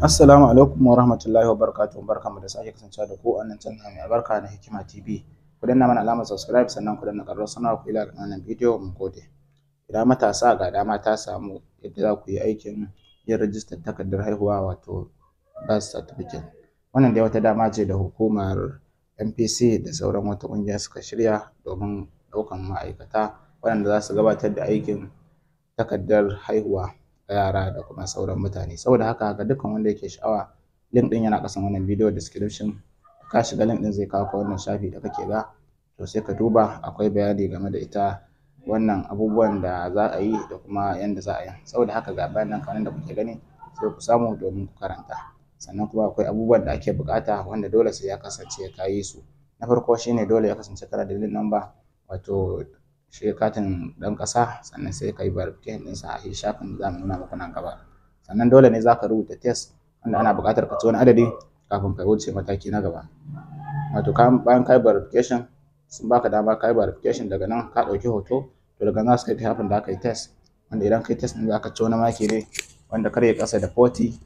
Assalamu alaikum wa rahmatullahi wa wa barkamu da sake kasancewa da ku a nan channel mai albarka na Hikima TV. Ku danna mana alamar subscribe sannan ku danna ƙarfin sanarwa ku ila ga wannan bidiyo mu gode. Idan matasa ga dama ta samu yadda za ku yi aikin yin rajistar takardar haihuwa wato birth certificate. Wannan dai wata dama ce da hukumar NPC da sauran wata ƙungiya suka shirya domin ɗaukan ma'aikata waɗanda za su gabatar da aikin takardar haihuwa. yara da kuma sauran mutane saboda haka ga dukkan wanda yake sha'awa link din yana kasan wannan video description ka shiga link din zai kawo ka wannan shafi da kake ga to sai ka duba akwai bayani game da ita wannan abubuwan da za a yi da kuma yanda za a yi saboda haka ga bayan nan kanan da kuke gani sai ku samu domin ku karanta sannan kuma akwai abubuwan da ake bukata wanda dole sai ya kasance ka yi su na farko shi ne dole ya kasance kana da link number wato shi katin ɗan ƙasa sannan sai ka yi verification ɗinsa a shafin da za mu nuna muku nan gaba sannan dole ne za ka rubuta test wanda ana buƙatar ka ci wani adadi kafin ka wuce mataki na gaba wato bayan ka yi verification sun baka dama ka yi verification daga nan ka ɗauki hoto to daga nan za su kai shafin da aka yi test wanda idan ka yi test ɗin za ka ci wani maki ne wanda kar ya ƙasa da 40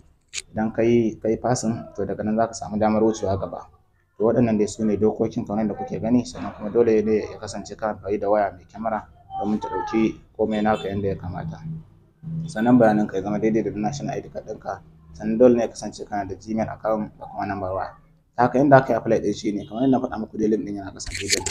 idan ka yi fasin to daga nan za ka samu damar wucewa gaba to waɗannan dai su ne dokokin kamar da kuke gani sannan kuma dole ne ya kasance ka amfani da waya mai kyamara domin ta ɗauki komai naka yadda ya kamata sannan bayanin ka ya zama daidai da national ID card ɗinka sannan dole ne ya kasance kana da gmail account da kuma number waya haka inda aka yi apply ɗin shi ne kamar yadda na faɗa muku dai link ɗin yana ƙasan bidiyon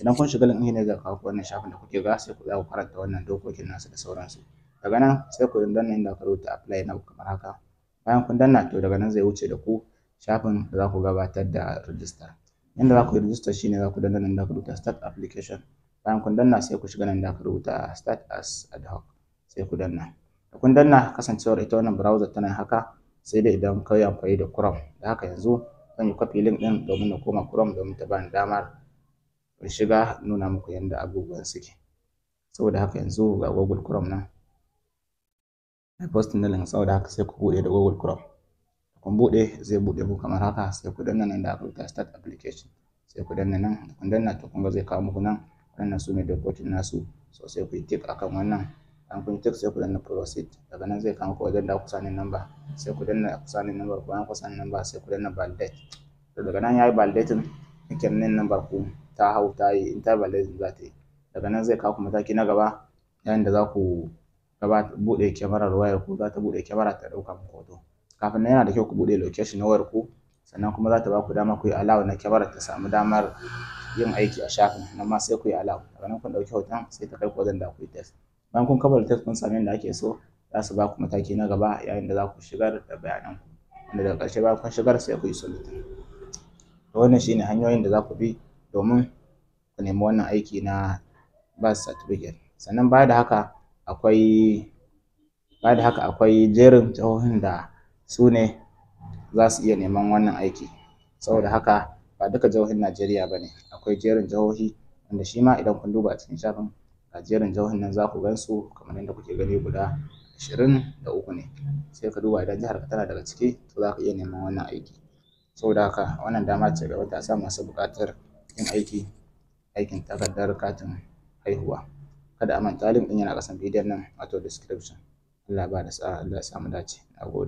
idan kun shiga link ɗin ne zai kawo ku wannan shafin da kuke ga sai ku za ku karanta wannan dokokin nasu da sauransu daga nan sai ku danna inda aka rubuta apply na kamar haka bayan kun danna to daga nan zai wuce da ku shafin da za ku gabatar da rijista inda za ku yi rijista ne za ku danna nan da ku rubuta start application bayan kun danna sai ku shiga nan da ku rubuta start as ad hoc sai ku danna da kun danna kasancewar ita wannan browser tana haka sai dai idan ka yi amfani da chrome da haka yanzu zan yi copy link ɗin domin na koma chrome domin ta bani damar in shiga nuna muku yadda abubuwan suke saboda haka yanzu ga google chrome nan na postin da link saboda haka sai ku buɗe da google chrome kun buɗe zai buɗe ku kamar haka sai ku danna nan da aka rubuta start application sai ku danna nan da kun danna to kun ga zai kawo muku nan wannan su ne dokokin nasu so sai ku yi tick akan wannan dan kun tick sai ku danna proceed daga nan zai kawo muku wajen da ku sani number sai ku danna ku sani number bayan ku sani number sai ku danna validate to daga nan yayi validating kyan nan number ku ta hau ta yi in ta validate za ta yi daga nan zai kawo ku mataki na gaba yayin da za ku gaba buɗe kyamarar wayar ku za ta buɗe kyamara ta ɗauka muku hoto kafin nan yana da kyau ku bude location na ku sannan kuma za ta ba ku dama ku yi allow na kyamarar ta samu damar yin aiki a shafin nan ma sai ku yi allow daga nan kun ɗauki hoton sai ta kai ku wajen da ku yi test bayan kun kammala test kun sami yadda ake so za su ba ku mataki na gaba yayin da za ku shigar da bayanan ku wanda daga ƙarshe bayan kun shigar sai ku yi submit to wannan shine hanyoyin da za ku bi domin ku nemi wannan aiki na birth certificate sannan baya da haka akwai baya da haka akwai jerin jihohin da su ne za su iya neman wannan aiki saboda haka ba duka jihohin Najeriya ba ne akwai jerin jihohi wanda shi ma idan kun duba a cikin shafin a jerin jihohin nan za ku gan su kamar yadda kuke gani guda ashirin da uku ne sai ka duba idan jihar ka tana daga ciki to za ka iya neman wannan aiki saboda haka wannan dama ce ga sa masu buƙatar yin aiki aikin takardar katin haihuwa kada a manta link din yana ƙasan bidiyon nan wato description Allah ba da sa'a Allah ya samu dace nagode